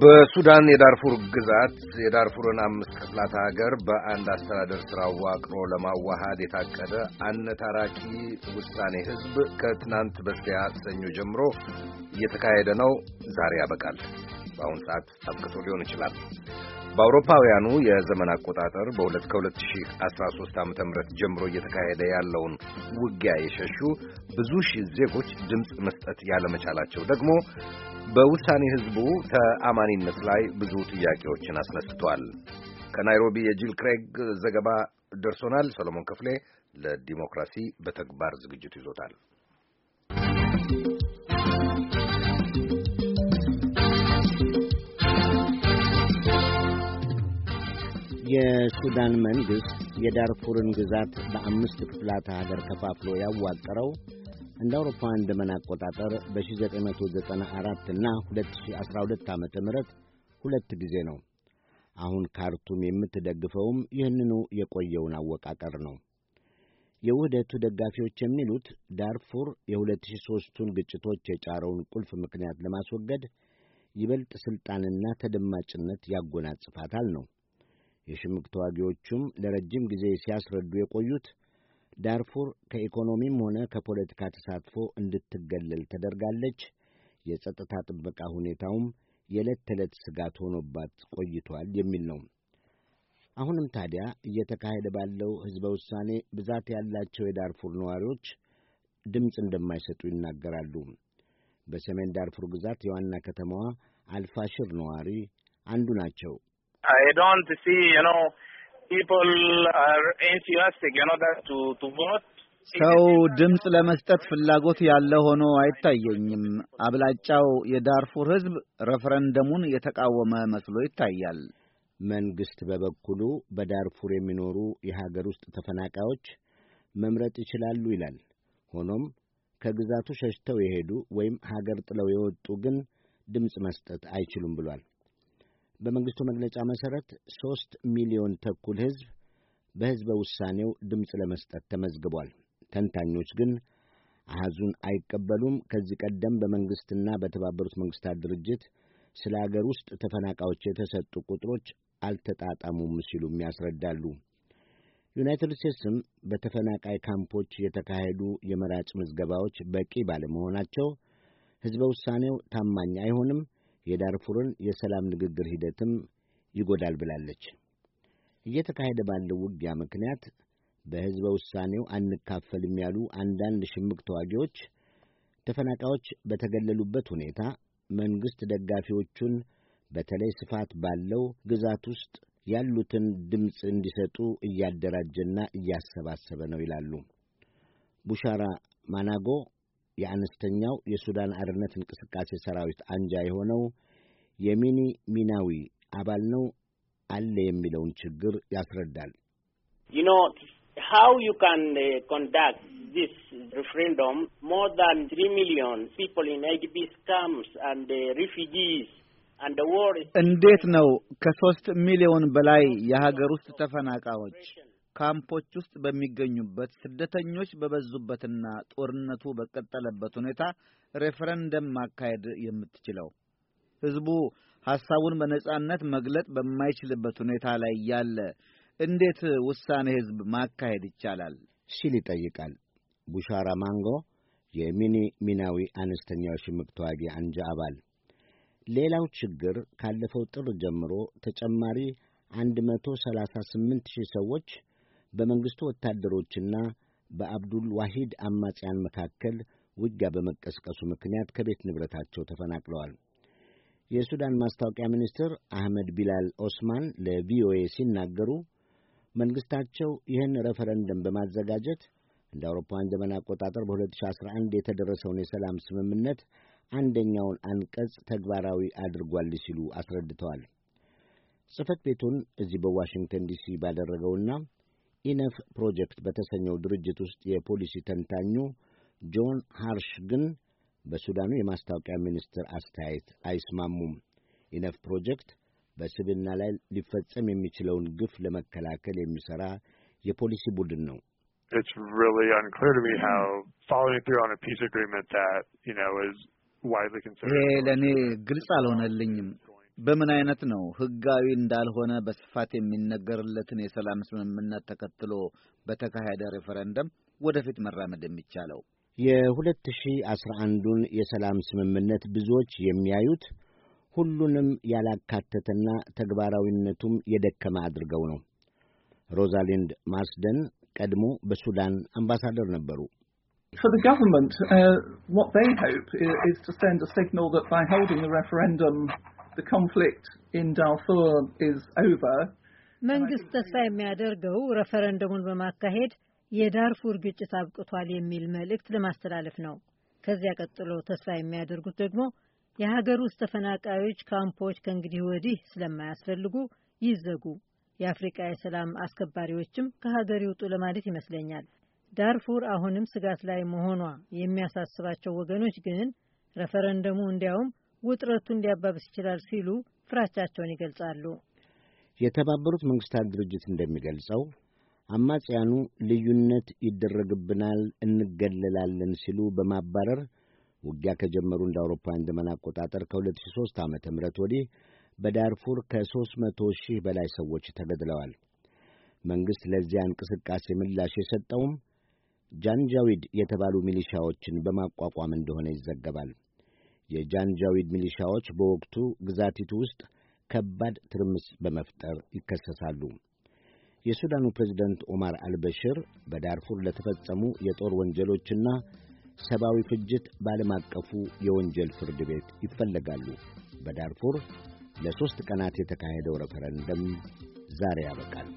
በሱዳን የዳርፉር ግዛት የዳርፉርን አምስት ክፍላት ሀገር በአንድ አስተዳደር ስራ አዋቅሮ ለማዋሃድ የታቀደ አነታራኪ ውሳኔ ህዝብ ከትናንት በስቲያ ሰኞ ጀምሮ እየተካሄደ ነው። ዛሬ ያበቃል። በአሁኑ ሰዓት አብቅቶ ሊሆን ይችላል። በአውሮፓውያኑ የዘመን አቆጣጠር በሁለት ከ2013 ዓ ም ጀምሮ እየተካሄደ ያለውን ውጊያ የሸሹ ብዙ ሺህ ዜጎች ድምፅ መስጠት ያለመቻላቸው ደግሞ በውሳኔ ሕዝቡ ተአማኒነት ላይ ብዙ ጥያቄዎችን አስነስቷል። ከናይሮቢ የጂል ክሬግ ዘገባ ደርሶናል። ሰሎሞን ክፍሌ ለዲሞክራሲ በተግባር ዝግጅት ይዞታል። የሱዳን መንግሥት የዳርፉርን ግዛት በአምስት ክፍላተ ሀገር ከፋፍሎ ያዋቀረው እንደ አውሮፓውያን ዘመን አቆጣጠር በ1994 እና 2012 ዓ ም ሁለት ጊዜ ነው። አሁን ካርቱም የምትደግፈውም ይህንኑ የቆየውን አወቃቀር ነው። የውህደቱ ደጋፊዎች የሚሉት ዳርፉር የ2003ቱን ግጭቶች የጫረውን ቁልፍ ምክንያት ለማስወገድ ይበልጥ ሥልጣንና ተደማጭነት ያጎናጽፋታል ነው። የሽምቅ ተዋጊዎቹም ለረጅም ጊዜ ሲያስረዱ የቆዩት ዳርፉር ከኢኮኖሚም ሆነ ከፖለቲካ ተሳትፎ እንድትገለል ተደርጋለች፣ የጸጥታ ጥበቃ ሁኔታውም የዕለት ተዕለት ስጋት ሆኖባት ቆይቷል የሚል ነው። አሁንም ታዲያ እየተካሄደ ባለው ሕዝበ ውሳኔ ብዛት ያላቸው የዳርፉር ነዋሪዎች ድምፅ እንደማይሰጡ ይናገራሉ። በሰሜን ዳርፉር ግዛት የዋና ከተማዋ አልፋሽር ነዋሪ አንዱ ናቸው I don't see, you know, people are enthusiastic, you know, that to, to vote. ሰው ድምፅ ለመስጠት ፍላጎት ያለ ሆኖ አይታየኝም። አብላጫው የዳርፉር ሕዝብ ረፈረንደሙን የተቃወመ መስሎ ይታያል። መንግሥት በበኩሉ በዳርፉር የሚኖሩ የሀገር ውስጥ ተፈናቃዮች መምረጥ ይችላሉ ይላል። ሆኖም ከግዛቱ ሸሽተው የሄዱ ወይም ሀገር ጥለው የወጡ ግን ድምፅ መስጠት አይችሉም ብሏል። በመንግሥቱ መግለጫ መሠረት ሦስት ሚሊዮን ተኩል ሕዝብ በሕዝበ ውሳኔው ድምፅ ለመስጠት ተመዝግቧል። ተንታኞች ግን አሐዙን አይቀበሉም። ከዚህ ቀደም በመንግሥትና በተባበሩት መንግሥታት ድርጅት ስለ አገር ውስጥ ተፈናቃዮች የተሰጡ ቁጥሮች አልተጣጣሙም ሲሉም ያስረዳሉ። ዩናይትድ ስቴትስም በተፈናቃይ ካምፖች የተካሄዱ የመራጭ ምዝገባዎች በቂ ባለመሆናቸው ሕዝበ ውሳኔው ታማኝ አይሆንም፣ የዳርፉርን የሰላም ንግግር ሂደትም ይጎዳል ብላለች። እየተካሄደ ባለው ውጊያ ምክንያት በሕዝበ ውሳኔው አንካፈልም ያሉ አንዳንድ ሽምቅ ተዋጊዎች ተፈናቃዮች በተገለሉበት ሁኔታ መንግሥት ደጋፊዎቹን በተለይ ስፋት ባለው ግዛት ውስጥ ያሉትን ድምፅ እንዲሰጡ እያደራጀና እያሰባሰበ ነው ይላሉ ቡሻራ ማናጎ የአነስተኛው የሱዳን አርነት እንቅስቃሴ ሰራዊት አንጃ የሆነው የሚኒ ሚናዊ አባል ነው አለ የሚለውን ችግር ያስረዳል። uh, uh, እንዴት ነው ከሶስት ሚሊዮን በላይ የሀገር ውስጥ ተፈናቃዮች ካምፖች ውስጥ በሚገኙበት ስደተኞች በበዙበትና ጦርነቱ በቀጠለበት ሁኔታ ሬፈረንደም ማካሄድ የምትችለው ሕዝቡ ሐሳቡን በነጻነት መግለጥ በማይችልበት ሁኔታ ላይ ያለ እንዴት ውሳኔ ሕዝብ ማካሄድ ይቻላል ሲል ይጠይቃል። ቡሻራ ማንጎ የሚኒ ሚናዊ አነስተኛው ሽምቅ ተዋጊ አንጃ አባል። ሌላው ችግር ካለፈው ጥር ጀምሮ ተጨማሪ 138 ሺህ ሰዎች በመንግሥቱ ወታደሮችና በአብዱል ዋሂድ አማጽያን መካከል ውጊያ በመቀስቀሱ ምክንያት ከቤት ንብረታቸው ተፈናቅለዋል። የሱዳን ማስታወቂያ ሚኒስትር አህመድ ቢላል ኦስማን ለቪኦኤ ሲናገሩ መንግሥታቸው ይህን ሬፈረንደም በማዘጋጀት እንደ አውሮፓውያን ዘመን አቆጣጠር በ2011 የተደረሰውን የሰላም ስምምነት አንደኛውን አንቀጽ ተግባራዊ አድርጓል ሲሉ አስረድተዋል። ጽሕፈት ቤቱን እዚህ በዋሽንግተን ዲሲ ባደረገውና ኢነፍ ፕሮጀክት በተሰኘው ድርጅት ውስጥ የፖሊሲ ተንታኙ ጆን ሃርሽ ግን በሱዳኑ የማስታወቂያ ሚኒስትር አስተያየት አይስማሙም። ኢነፍ ፕሮጀክት በስብና ላይ ሊፈጸም የሚችለውን ግፍ ለመከላከል የሚሠራ የፖሊሲ ቡድን ነው። ይሄ ለእኔ ግልጽ አልሆነልኝም። በምን አይነት ነው ህጋዊ እንዳልሆነ በስፋት የሚነገርለትን የሰላም ስምምነት ተከትሎ በተካሄደ ሬፈረንደም ወደፊት መራመድ የሚቻለው? የሁለት ሺህ አስራ አንዱን የሰላም ስምምነት ብዙዎች የሚያዩት ሁሉንም ያላካተተና ተግባራዊነቱም የደከመ አድርገው ነው። ሮዛሊንድ ማስደን ቀድሞ በሱዳን አምባሳደር ነበሩ። መንግስት ተስፋ የሚያደርገው ረፈረንደሙን በማካሄድ የዳርፉር ግጭት አብቅቷል የሚል መልእክት ለማስተላለፍ ነው። ከዚያ ቀጥሎ ተስፋ የሚያደርጉት ደግሞ የሀገር ውስጥ ተፈናቃዮች ካምፖች ከእንግዲህ ወዲህ ስለማያስፈልጉ ይዘጉ፣ የአፍሪቃ የሰላም አስከባሪዎችም ከሀገር ይውጡ ለማለት ይመስለኛል። ዳርፉር አሁንም ስጋት ላይ መሆኗ የሚያሳስባቸው ወገኖች ግን ረፈረንደሙ እንዲያውም ውጥረቱን እንዲያባብስ ይችላል ሲሉ ፍራቻቸውን ይገልጻሉ። የተባበሩት መንግስታት ድርጅት እንደሚገልጸው አማጽያኑ ልዩነት ይደረግብናል፣ እንገለላለን ሲሉ በማባረር ውጊያ ከጀመሩ እንደ አውሮፓውያን ዘመን አቆጣጠር ከ2003 ዓ ም ወዲህ በዳርፉር ከ300 ሺህ በላይ ሰዎች ተገድለዋል። መንግሥት ለዚያ እንቅስቃሴ ምላሽ የሰጠውም ጃንጃዊድ የተባሉ ሚሊሻዎችን በማቋቋም እንደሆነ ይዘገባል። የጃንጃዊድ ሚሊሻዎች በወቅቱ ግዛቲቱ ውስጥ ከባድ ትርምስ በመፍጠር ይከሰሳሉ። የሱዳኑ ፕሬዝደንት ኦማር አልበሽር በዳርፉር ለተፈጸሙ የጦር ወንጀሎችና ሰብአዊ ፍጅት በዓለም አቀፉ የወንጀል ፍርድ ቤት ይፈለጋሉ። በዳርፉር ለሦስት ቀናት የተካሄደው ረፈረንደም ዛሬ ያበቃል።